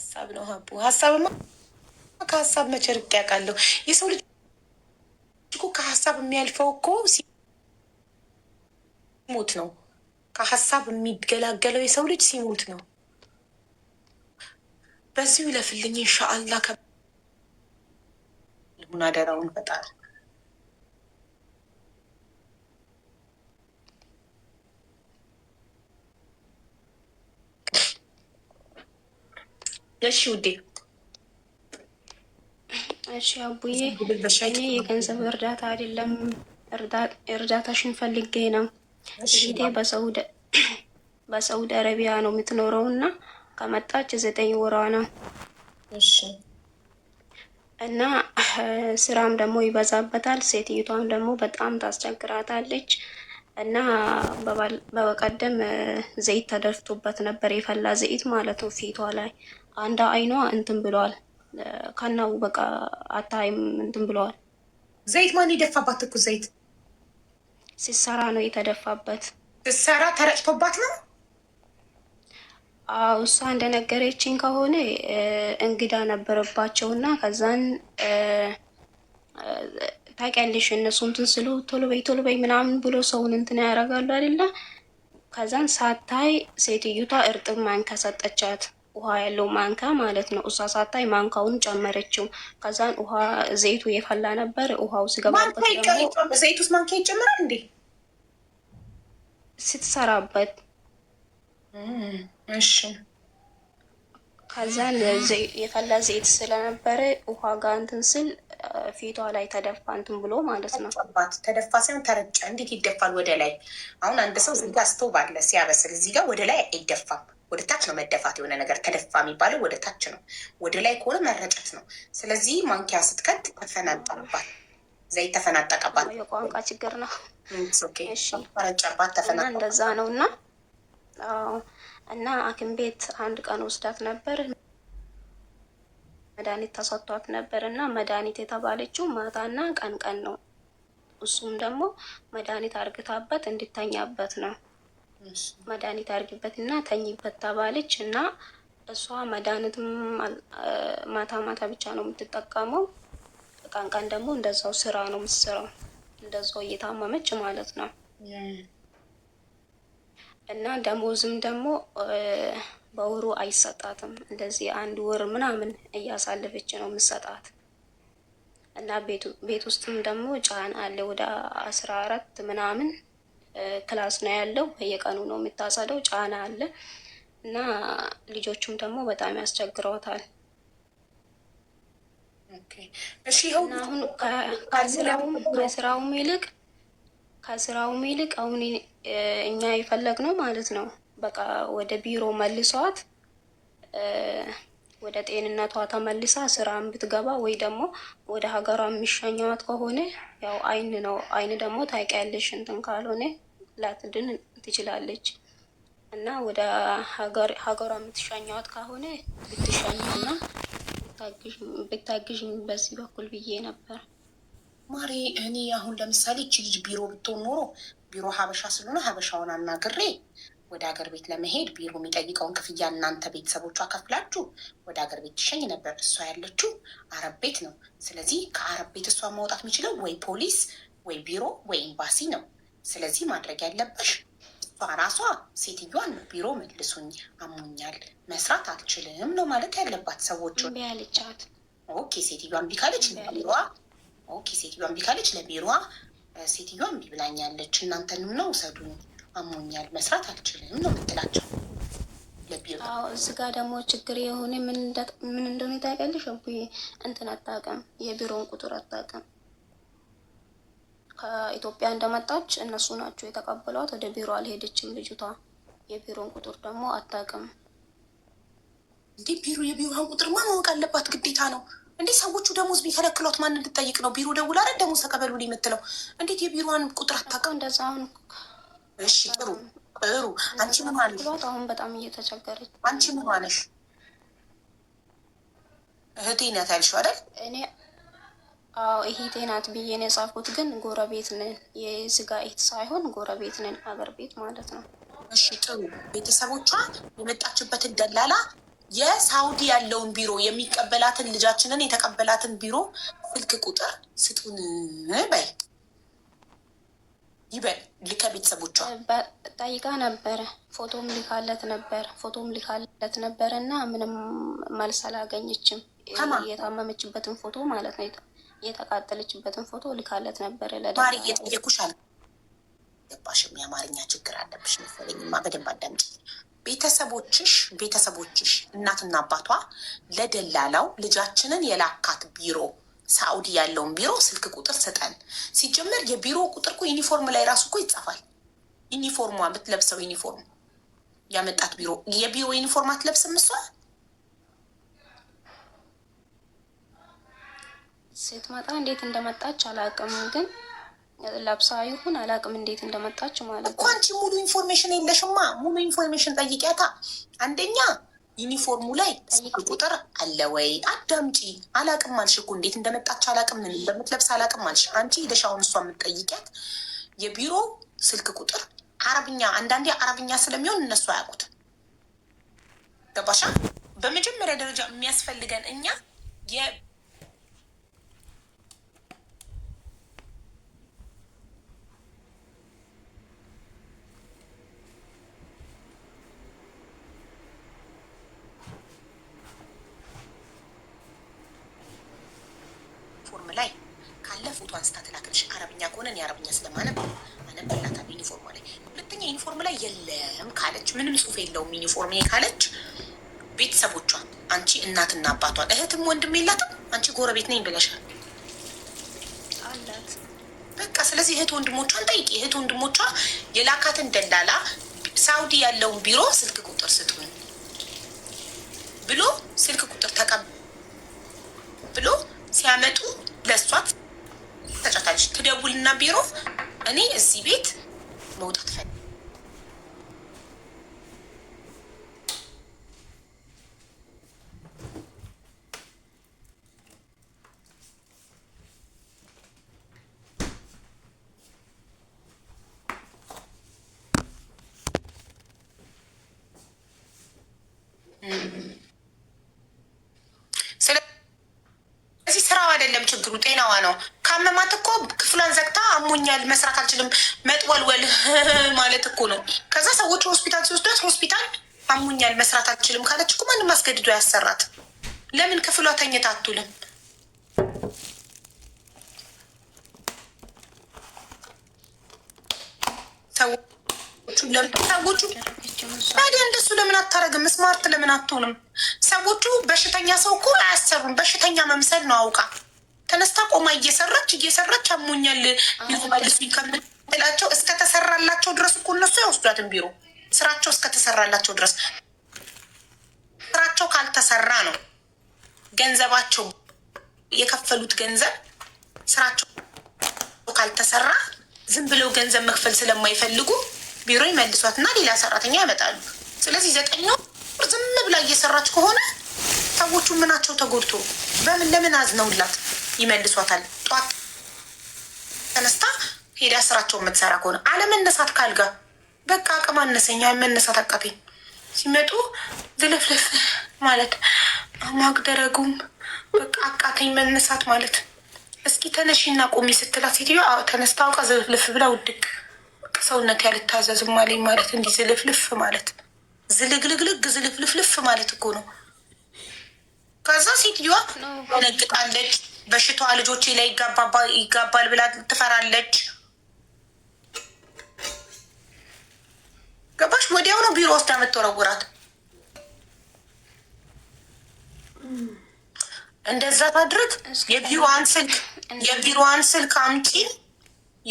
ሀሳብ ነው ሀቡ። ሀሳብማ ከሀሳብ መቼ ያውቃለሁ? የሰው ልጅ ከሀሳብ የሚያልፈው እኮ ሲሞት ነው። ከሀሳብ የሚገላገለው የሰው ልጅ ሲሞት ነው። በዚሁ ይለፍልኝ። እንሻአላ ከሙናደራውን ፈጣሪ እሺ ውዴ። እሺ አቡዬ፣ እኔ የገንዘብ እርዳታ አይደለም እርዳታሽን ፈልጌ ነው። እህቴ በሳውዲ አረቢያ ነው የምትኖረው እና ከመጣች ዘጠኝ ወሯ ነው እና ስራም ደግሞ ይበዛበታል። ሴትዮቷም ደግሞ በጣም ታስቸግራታለች እና በበቀደም ዘይት ተደፍቶበት ነበር፣ የፈላ ዘይት ማለት ነው ፊቷ ላይ አንድ አይኗ እንትን ብለዋል። ከናው በቃ አታይም እንትን ብለዋል። ዘይት ማን የደፋባት? ትኩስ ዘይት ሲሰራ ነው የተደፋበት። ሲሰራ ተረጭቶባት ነው። አዎ እሷ እንደነገረችኝ ከሆነ እንግዳ ነበረባቸው እና ከዛን ታውቂያለሽ እነሱ እንትን ስሉ ቶሎ በይ ቶሎ በይ ምናምን ብሎ ሰውን እንትን ያደርጋሉ አይደለ? ከዛን ሳታይ ሴትዮቷ እርጥብ ከሰጠቻት። ውሃ ያለው ማንካ ማለት ነው። እሷ ሳታይ ማንካውን ጨመረችው። ከዛን ውሃ ዘይቱ የፈላ ነበር። ውሃው ስገባበት ማንካ ይጨምራል እንዴ? ስትሰራበት እሺ። ከዛን የፈላ ዘይት ስለነበረ ውሃ ጋር እንትን ስል ፊቷ ላይ ተደፋ እንትን ብሎ ማለት ነው። ተደፋ ሳይሆን ተረጨ። እንዴት ይደፋል ወደ ላይ? አሁን አንድ ሰው እዚህ ጋ ስቶቭ አለ ሲያበስል፣ እዚህ ጋር ወደ ላይ አይደፋም። ወደ ታች ነው መደፋት። የሆነ ነገር ተደፋ የሚባለው ወደ ታች ነው። ወደ ላይ ከሆነ መረጨት ነው። ስለዚህ ማንኪያ ስትከት ተፈናጠቅባት፣ ዘይት ተፈናጠቀባት። የቋንቋ ችግር ነው። ረጨባት፣ ተፈናጠቀ። እንደዛ ነው እና እና ሐኪም ቤት አንድ ቀን ወስዳት ነበር። መድኃኒት ተሰጥቷት ነበር እና መድኃኒት የተባለችው ማታና ቀን ቀን ነው። እሱም ደግሞ መድኃኒት አርግታበት እንዲተኛበት ነው። መድኃኒት አድርጊበት እና ተኝበት ተባለች እና እሷ መድኃኒትም ማታ ማታ ብቻ ነው የምትጠቀመው። ቀን ቀን ደግሞ እንደዛው ስራ ነው የምትሰራው፣ እንደዛው እየታመመች ማለት ነው። እና ደሞዝም ደግሞ በወሩ አይሰጣትም። እንደዚህ አንድ ወር ምናምን እያሳለፈች ነው የምትሰጣት። እና ቤት ውስጥም ደግሞ ጫና አለ ወደ አስራ አራት ምናምን ክላስ ነው ያለው። በየቀኑ ነው የምታጸደው። ጫና አለ እና ልጆቹም ደግሞ በጣም ያስቸግረውታል። አሁን ከስራውም ይልቅ ከስራውም ይልቅ አሁን እኛ የፈለግ ነው ማለት ነው በቃ ወደ ቢሮ መልሷት ወደ ጤንነቷ ተመልሳ ስራን ብትገባ ወይ ደግሞ ወደ ሀገሯ የሚሸኘዋት ከሆነ ያው አይን ነው። አይን ደግሞ ታውቂያለሽ፣ እንትን ካልሆነ ላትድን ትችላለች እና ወደ ሀገሯ የምትሸኘዋት ከሆነ ብትሸኘውና ብታግዥኝ በዚህ በኩል ብዬ ነበር። ማሪ እኔ አሁን ለምሳሌ እቺ ልጅ ቢሮ ብትሆን ኖሮ ቢሮ ሀበሻ ስለሆነ ሀበሻውን አናግሬ ወደ ሀገር ቤት ለመሄድ ቢሮ የሚጠይቀውን ክፍያ እናንተ ቤተሰቦቿ ከፍላችሁ ወደ ሀገር ቤት ትሸኝ ነበር። እሷ ያለችው አረብ ቤት ነው። ስለዚህ ከአረብ ቤት እሷ ማውጣት የሚችለው ወይ ፖሊስ፣ ወይ ቢሮ፣ ወይ ኤምባሲ ነው። ስለዚህ ማድረግ ያለበሽ እሷ ራሷ ሴትዮዋን ቢሮ መልሱኝ፣ አሞኛል፣ መስራት አልችልም ነው ማለት ያለባት። ሰዎች ያለቻት ኦኬ። ሴትዮዋን ቢካለች ለቢሮዋ ኦኬ። ሴትዮዋን ቢካለች ለቢሮዋ ሴትዮዋን ቢብላኛለች፣ እናንተንም ነው ውሰዱኝ አሞኛል፣ መስራት አልችልም ነው የምትላቸው። እዚህ ጋ ደግሞ ችግር የሆነ ምን እንደሆነ ታውቂያለሽ? አቡዬ እንትን አታውቅም፣ የቢሮውን ቁጥር አታውቅም። ከኢትዮጵያ እንደመጣች እነሱ ናቸው የተቀበሏት። ወደ ቢሮ አልሄደችም ልጅቷ። የቢሮውን ቁጥር ደግሞ አታውቅም። እንዴ ቢሮ የቢሮውን ቁጥር ማ ማወቅ አለባት፣ ግዴታ ነው። እንዴ ሰዎቹ ደሞዝ ቢከለክሏት ማን እንድጠይቅ ነው? ቢሮ ደውላ ደሞዝ ተቀበሉ የምትለው እንዴት የቢሮዋን ቁጥር አታውቅም? እንደዛ አሁን እሺ ጥሩ ጥሩ። አንቺ ምን አለሽ? አሁን በጣም እየተቸገረች አንቺ ምን አለሽ? እህቴ ናት ያልሽው አይደል? እኔ አዎ እህቴ ናት ብዬ ነው የጻፍኩት፣ ግን ጎረቤት ነን። የስጋ እህት ሳይሆን ጎረቤት ነን፣ አገር ቤት ማለት ነው። እሺ ጥሩ። ቤተሰቦቿ የመጣችበትን ደላላ የሳውዲ ያለውን ቢሮ የሚቀበላትን ልጃችንን የተቀበላትን ቢሮ ስልክ ቁጥር ስጡን በይ ጠይቃ ነበረ። ፎቶም ሊካለት ነበር ፎቶም ሊካለት ነበር እና ምንም መልስ አላገኘችም። የታመመችበትን ፎቶ ማለት ነው፣ የተቃጠለችበትን ፎቶ ልካለት ነበር። ለማሪ እየጠየኩሽ የአማርኛ ችግር አለብሽ መሰለኝማ። በደንብ አዳምጪ። ቤተሰቦችሽ ቤተሰቦችሽ እናትና አባቷ ለደላላው ልጃችንን የላካት ቢሮ ሳኡዲ ያለውን ቢሮ ስልክ ቁጥር ስጠን። ሲጀመር የቢሮ ቁጥር እኮ ዩኒፎርም ላይ ራሱ እኮ ይጻፋል። ዩኒፎርሟ የምትለብሰው ዩኒፎርም ያመጣት ቢሮ የቢሮ ዩኒፎርም አትለብስም እሷ። መጣ እንዴት እንደመጣች አላቅም፣ ግን ለብሳ ይሁን አላቅም እንዴት እንደመጣች ማለት ነው። አንቺ ሙሉ ኢንፎርሜሽን የለሽማ። ሙሉ ኢንፎርሜሽን ጠይቂያታ። አንደኛ ዩኒፎርሙ ላይ ቁጥር አለ ወይ? አዳምጪ። አላቅም አልሽ እኮ እንዴት እንደመጣች አላቅም፣ ምን እንደምትለብስ አላቅም አልሽ። አንቺ ሄደሽ አሁን እሷ የምትጠይቂያት የቢሮ ስልክ ቁጥር አረብኛ አንዳንዴ አረብኛ ስለሚሆን እነሱ አያውቁት ገባሻ? በመጀመሪያ ደረጃ የሚያስፈልገን እኛ የለም ካለች፣ ምንም ጽሁፍ የለውም ዩኒፎርም ካለች፣ ቤተሰቦቿ አንቺ እናትና አባቷን እህትም ወንድም የላትም። አንቺ ጎረቤት ነኝ ብለሻል። በቃ ስለዚህ እህት ወንድሞቿን ጠይቂ። እህት ወንድሞቿ የላካትን ደላላ ሳውዲ ያለውን ቢሮ ስልክ ቁጥር ስጡን ብሎ ስልክ ቁጥር ተቀም ብሎ ሲያመጡ ለእሷት ተጫታች ትደውልና ቢሮ እኔ እዚህ ቤት መውጣት ፈል ስለዚህ ስራው አይደለም ችግሩ፣ ጤናዋ ነው። ካመማት እኮ ክፍሏን ዘግታ አሞኛል መስራት አልችልም መጥወልወል ማለት እኮ ነው። ከዛ ሰዎች ሆስፒታል ሲወስዷት ሆስፒታል አሞኛል መስራት አልችልም ካለች እኮ ማንም አስገድዶ ያሰራት። ለምን ክፍሏ ተኝታ አትውልም? ሰዎቹ ታዲያ እንደሱ ለምን አታረግም? ስማርት ለምን አትሆንም? ሰዎቹ በሽተኛ ሰው እኮ አያሰሩም። በሽተኛ መምሰል ነው አውቃ ተነስታ ቆማ እየሰራች እየሰራች አሞኛል ሊመልሱኝ ከምትላቸው እስከተሰራላቸው ድረስ እኮ እነሱ አይወስዷትም። ቢሮ ስራቸው እስከተሰራላቸው ድረስ ስራቸው ካልተሰራ ነው ገንዘባቸው የከፈሉት ገንዘብ ስራቸው ካልተሰራ ዝም ብለው ገንዘብ መክፈል ስለማይፈልጉ ቢሮ ይመልሷትና ሌላ ሰራተኛ ያመጣሉ። ስለዚህ ዘጠኝ ወር ዝም ብላ እየሰራች ከሆነ ሰዎቹ ምናቸው ተጎድቶ በምን ለምን አዝነውላት ይመልሷታል? ጧት ተነስታ ሄዳ ስራቸው የምትሰራ ከሆነ አለመነሳት ካልጋ በቃ አቅም አነሰኛ መነሳት አቃተኝ ሲመጡ ዝልፍልፍ ማለት ማግደረጉም በቃ አቃተኝ መነሳት ማለት እስኪ ተነሺና ቁሚ ስትላት ሴትዮ ተነስታ አውቃ ዝልፍልፍ ብላ ውድቅ ሰውነት ያልታዘዝም አለኝ ማለት እንዲህ ዝልፍልፍ ማለት ዝልግልግልግ ዝልፍልፍልፍ ማለት እኮ ነው። ከዛ ሴትዮዋ ነግጣለች። በሽታዋ ልጆቼ ላይ ይጋባል ብላ ትፈራለች። ገባሽ? ወዲያው ነው ቢሮ ውስጥ የምትወረውራት። እንደዛ ታድርግ። የቢሮዋን ስልክ የቢሮዋን ስልክ አምጪ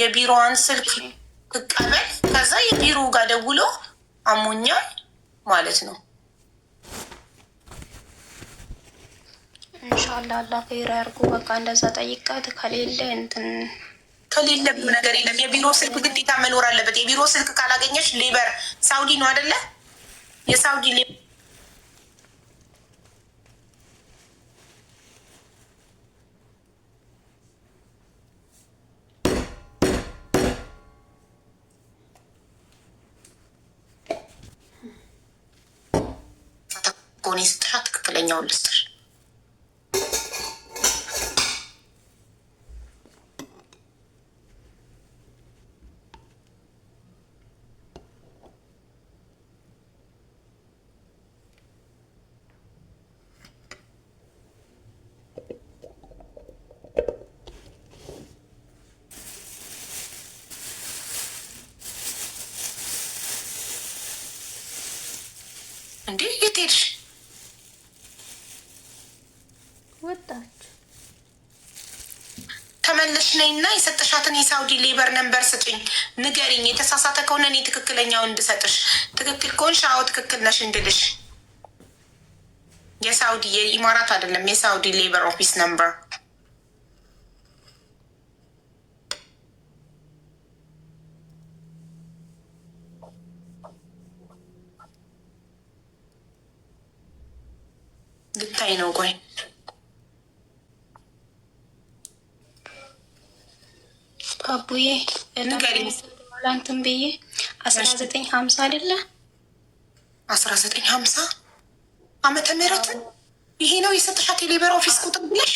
የቢሮዋን ስልክ ትቀበል። ከዛ የቢሮ ጋር ደውሎ አሞኛል ማለት ነው። እንሻላ አላ ፌር አርጎ በቃ እንደዛ ጠይቃት። ከሌለ እንትን ከሌለም ነገር የለም። የቢሮ ስልክ ግዴታ መኖር አለበት። የቢሮ ስልክ ካላገኘች ሌበር ሳውዲ ነው አደለ? የሳውዲ በሆነ የስጥሻ ትክክለኛውን ልስጥሽ። እንዴ የት ሄድሽ? መጣች። ተመለሽ እና የሰጠሻትን የሳውዲ ሌበር ነንበር ስጭኝ፣ ንገሪኝ። የተሳሳተ ከሆነ እኔ ትክክለኛው እንድሰጥሽ፣ ትክክል ከሆንሽ አዎ ትክክል ነሽ እንድልሽ። የሳውዲ የኢማራት አይደለም፣ የሳውዲ ሌበር ኦፊስ ነምበር ልታይ ነው ቆይ አቡዬ ንገሪኝላንትን ብዬ አስራ ዘጠኝ ሀምሳ አይደለ አስራ ዘጠኝ ሀምሳ አመተ ምህረትን ይሄ ነው የሰጠሻት የሌበር ኦፊስ ቁጥር ብለሽ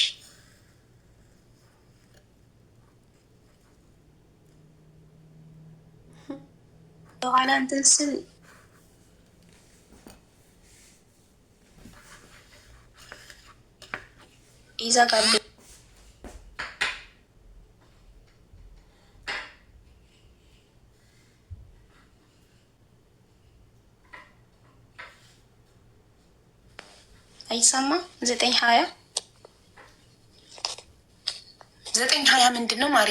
በኋላ እንትን ስል ይዘጋል። ይሰማ ዘጠኝ ሀያ ዘጠኝ ሀያ ምንድን ነው ማሪ?